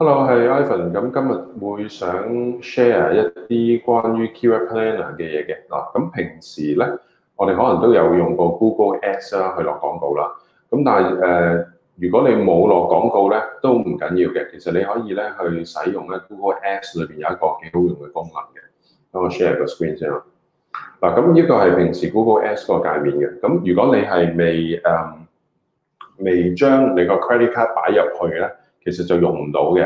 Hello，我係 Ivan。咁今日會想 share 一啲關於 Keyword Planner 嘅嘢嘅。嗱，咁平時咧，我哋可能都有用過 Google Ads 啦，去落廣告啦。咁但係誒、呃，如果你冇落廣告咧，都唔緊要嘅。其實你可以咧去使用咧 Google Ads 裏邊有一個幾好用嘅功能嘅。等我 share 個 screen 先啦。嗱，咁呢個係平時 Google Ads 個界面嘅。咁如果你係未誒、嗯、未將你個 credit card 擺入去咧？其實就用唔到嘅。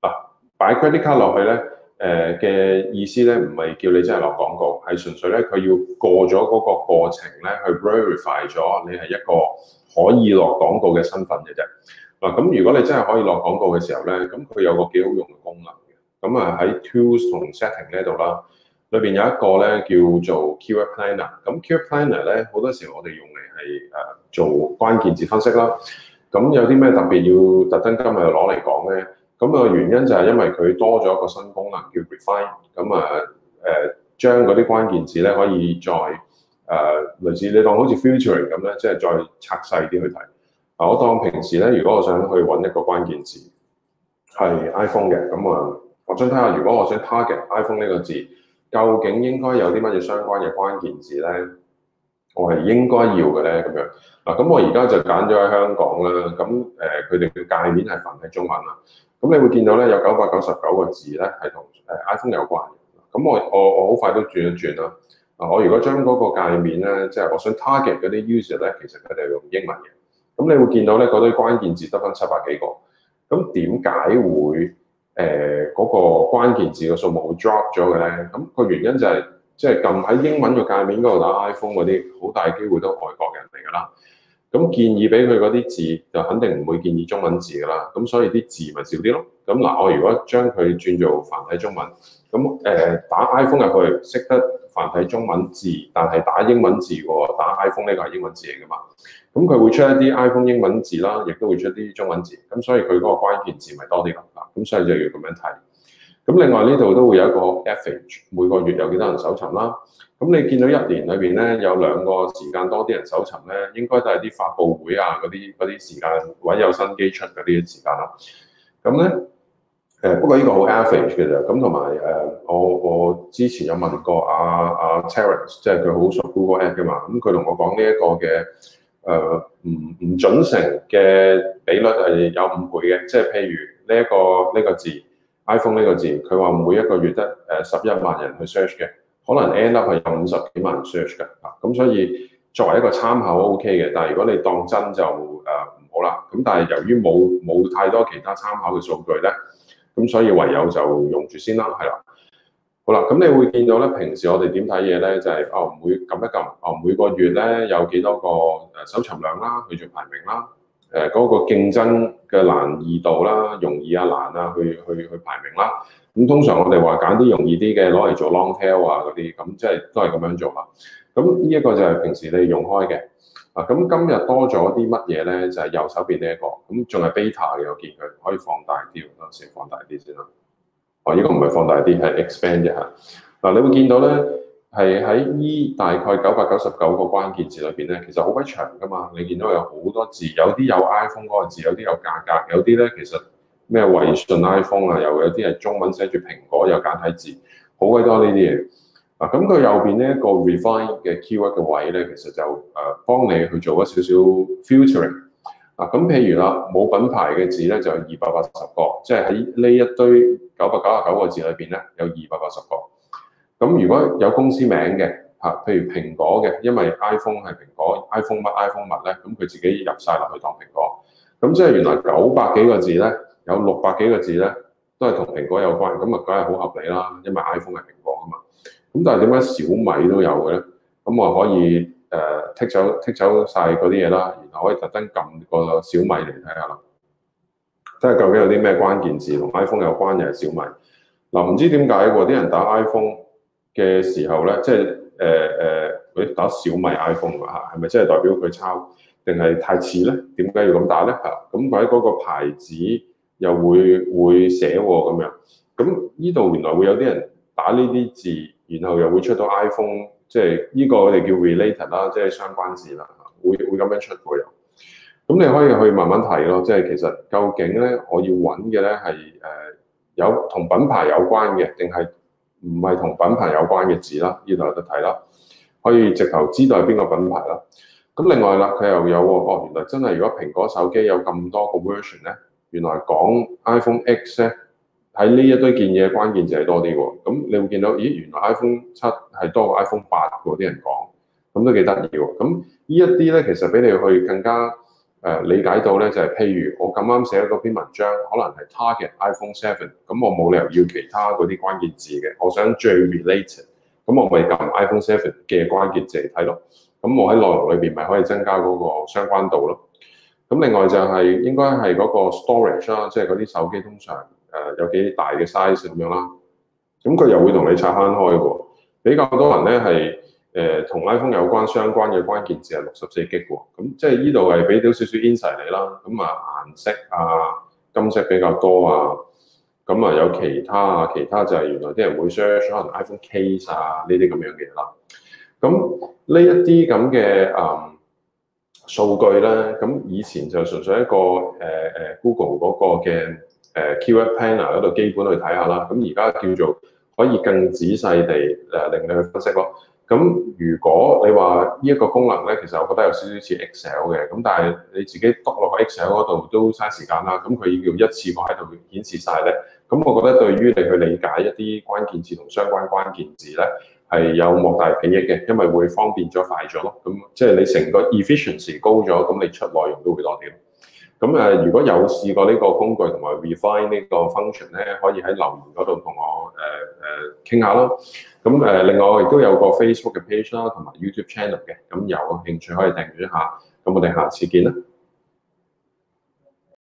嗱，擺 credit card 落去咧，誒、呃、嘅意思咧，唔係叫你真係落廣告，係純粹咧佢要過咗嗰個過程咧，去 verify 咗你係一個可以落廣告嘅身份嘅啫。嗱、啊，咁如果你真係可以落廣告嘅時候咧，咁佢有個幾好用嘅功能嘅。咁啊喺 tools 同 setting 呢度啦，裏邊有一個咧叫做 keyword planner, planner。咁 keyword planner 咧，好多時我哋用嚟係誒做關鍵字分析啦。咁有啲咩特別要特登今日攞嚟講呢？咁啊原因就係因為佢多咗一個新功能叫 Refine，咁啊誒將嗰啲關鍵字咧可以再誒、啊、類似你當好似 futuring 咁咧，即係再拆細啲去睇。我當平時咧，如果我想去揾一個關鍵字係 iPhone 嘅，咁啊，我想睇下如果我想 target iPhone 呢個字，究竟應該有啲乜嘢相關嘅關鍵字呢？我係應該要嘅咧，咁樣嗱，咁、啊、我而家就揀咗喺香港啦。咁誒，佢哋嘅界面係繁體中文啦。咁你會見到咧，有九百九十九個字咧，係同誒 iPhone 有關嘅。咁我我我好快都轉一轉啦。啊，我如果將嗰個界面咧，即、就、係、是、我想 target 嗰啲 user 咧，其實佢哋用英文嘅。咁你會見到咧，嗰堆關鍵字得翻七百幾個。咁點解會誒嗰、呃那個關鍵字嘅數目會 drop 咗嘅咧？咁個原因就係、是。即係撳喺英文個界面嗰度打 iPhone 嗰啲，好大機會都係外國人嚟㗎啦。咁建議俾佢嗰啲字，就肯定唔會建議中文字㗎啦。咁所以啲字咪少啲咯。咁嗱，我如果將佢轉做繁體中文，咁誒、呃、打 iPhone 入去，識得繁體中文字，但係打英文字喎，打 iPhone 呢個係英文字嚟㗎嘛。咁佢會出一啲 iPhone 英文字啦，亦都會出啲中文字。咁所以佢嗰個關鍵字咪多啲咯。咁所以就要咁樣睇。咁另外呢度都會有一個 average，每個月有幾多人搜尋啦。咁你見到一年裏邊咧有兩個時間多啲人搜尋咧，應該都係啲發佈會啊嗰啲嗰啲時間，揾有新機出嗰啲時間啦。咁咧誒，不過呢個好 average 嘅咋。咁同埋誒，我我之前有問過阿阿 Terence，即係佢好熟 Google App 嘅嘛。咁佢同我講呢一個嘅誒唔唔準成嘅比率係有五倍嘅，即係譬如呢一個呢個字。iPhone 呢個字，佢話每一個月得誒十一萬人去 search 嘅，可能 end up 係有五十幾萬人 search 嘅，啊，咁所以作為一個參考 OK 嘅，但係如果你當真就誒唔、呃、好啦，咁但係由於冇冇太多其他參考嘅數據咧，咁所以唯有就用住先啦，係啦，好啦，咁你會見到咧，平時我哋點睇嘢咧，就係哦唔會撳一撳，哦,按按哦每個月咧有幾多個搜尋量啦，去做排名啦。誒嗰個競爭嘅難易度啦，容易啊難啊，去去去排名啦。咁通常我哋話揀啲容易啲嘅攞嚟做 long tail 啊嗰啲，咁即係都係咁樣做嘛。咁呢一個就係平時你用開嘅。啊，咁今日多咗啲乜嘢咧？就係右手邊呢一個，咁仲係 beta 嘅。我見佢可以放大啲，我等陣放大啲先啦。哦，依個唔係放大啲，係 expand 一下。嗱，你會見到咧。係喺呢大概九百九十九個關鍵字裏邊咧，其實好鬼長噶嘛！你見到有好多字，有啲有 iPhone 嗰個字，有啲有價格，格，有啲咧其實咩微信 iPhone 啊，又有啲係中文寫住蘋果，有簡體字，好鬼多呢啲嘢啊！咁佢右邊呢一個 refine 嘅 keyword 嘅位咧，其實就誒、啊、幫你去做一少少 filtering 啊！咁譬如啦，冇品牌嘅字咧就有二百八十個，即係喺呢一堆九百九十九個字裏邊咧有二百八十個。咁如果有公司名嘅，嚇，譬如蘋果嘅，因為 iPhone 係蘋果，iPhone 乜 iPhone 物咧，咁佢自己入晒落去當蘋果。咁即係原來九百幾個字咧，有六百幾個字咧，都係同蘋果有關，咁啊，梗係好合理啦，因為 iPhone 係蘋果啊嘛。咁但係點解小米都有嘅咧？咁我可以誒剔走剔走晒嗰啲嘢啦，然後可以特登撳個小米嚟睇下啦，睇下究竟有啲咩關鍵字同 iPhone 有關嘅係小米嗱？唔知點解喎，啲人打 iPhone。嘅時候咧，即係誒誒，啲、呃、打小米 iPhone 啊嚇，係咪真係代表佢抄，定係太似咧？點解要咁打咧？嚇，咁佢喺嗰個牌子又會會寫喎咁樣，咁呢度原來會有啲人打呢啲字，然後又會出到 iPhone，即係呢個我哋叫 related 啦，即係相關字啦，會會咁樣出嘅又，咁你可以去慢慢睇咯，即、就、係、是、其實究竟咧，我要揾嘅咧係誒有同品牌有關嘅，定係？唔係同品牌有關嘅字啦，呢度有得睇啦，可以直頭知道係邊個品牌啦。咁另外啦，佢又有喎，哦原來真係如果蘋果手機有咁多個 version 咧，原來講 iPhone X 咧，喺呢一堆件嘢關鍵字係多啲喎。咁你會見到，咦原來 iPhone 七係多過 iPhone 八嗰啲人講，咁都幾得意喎。咁呢一啲咧其實俾你去更加。誒理解到咧，就係譬如我咁啱寫咗嗰篇文章，可能係 target iPhone Seven，咁我冇理由要其他嗰啲關鍵字嘅，我想最 related，咁我咪撳 iPhone Seven 嘅關鍵字嚟睇咯。咁我喺內容裏邊咪可以增加嗰個相關度咯。咁另外就係應該係嗰個 storage 啦，即係嗰啲手機通常誒有幾大嘅 size 咁樣啦。咁佢又會同你拆翻開喎。比較多人咧係。誒同 iPhone 有關相關嘅關鍵字係六十四擊喎，咁即係呢度係俾到少少 insight 你啦。咁啊顏色啊金色比較多啊，咁啊有其他啊，其他就係原來啲人會 search 可能 iPhone case 啊呢啲咁樣嘅啦。咁呢一啲咁嘅誒數據咧，咁以前就純粹一個誒誒、呃、Google 嗰個嘅誒、呃、Keyword Planner 嗰度基本去睇下啦。咁而家叫做可以更仔細地誒、呃、令你去分析咯。咁如果你話呢一個功能咧，其實我覺得有少少似 Excel 嘅，咁但係你自己篤落個 Excel 嗰度都嘥時間啦。咁佢要一次過喺度顯示晒咧，咁我覺得對於你去理解一啲關鍵字同相關關鍵字咧，係有莫大裨益嘅，因為會方便咗、快咗咯。咁即係你成個 efficiency 高咗，咁你出內容都會多啲。咁誒，如果有試過呢個工具同埋 refine 呢個 function 咧，可以喺留言嗰度同我誒誒傾下咯。另外亦都有個 Facebook 嘅 page 啦，同埋 YouTube channel 嘅，咁有興趣可以訂閱一下。咁我哋下次見啦。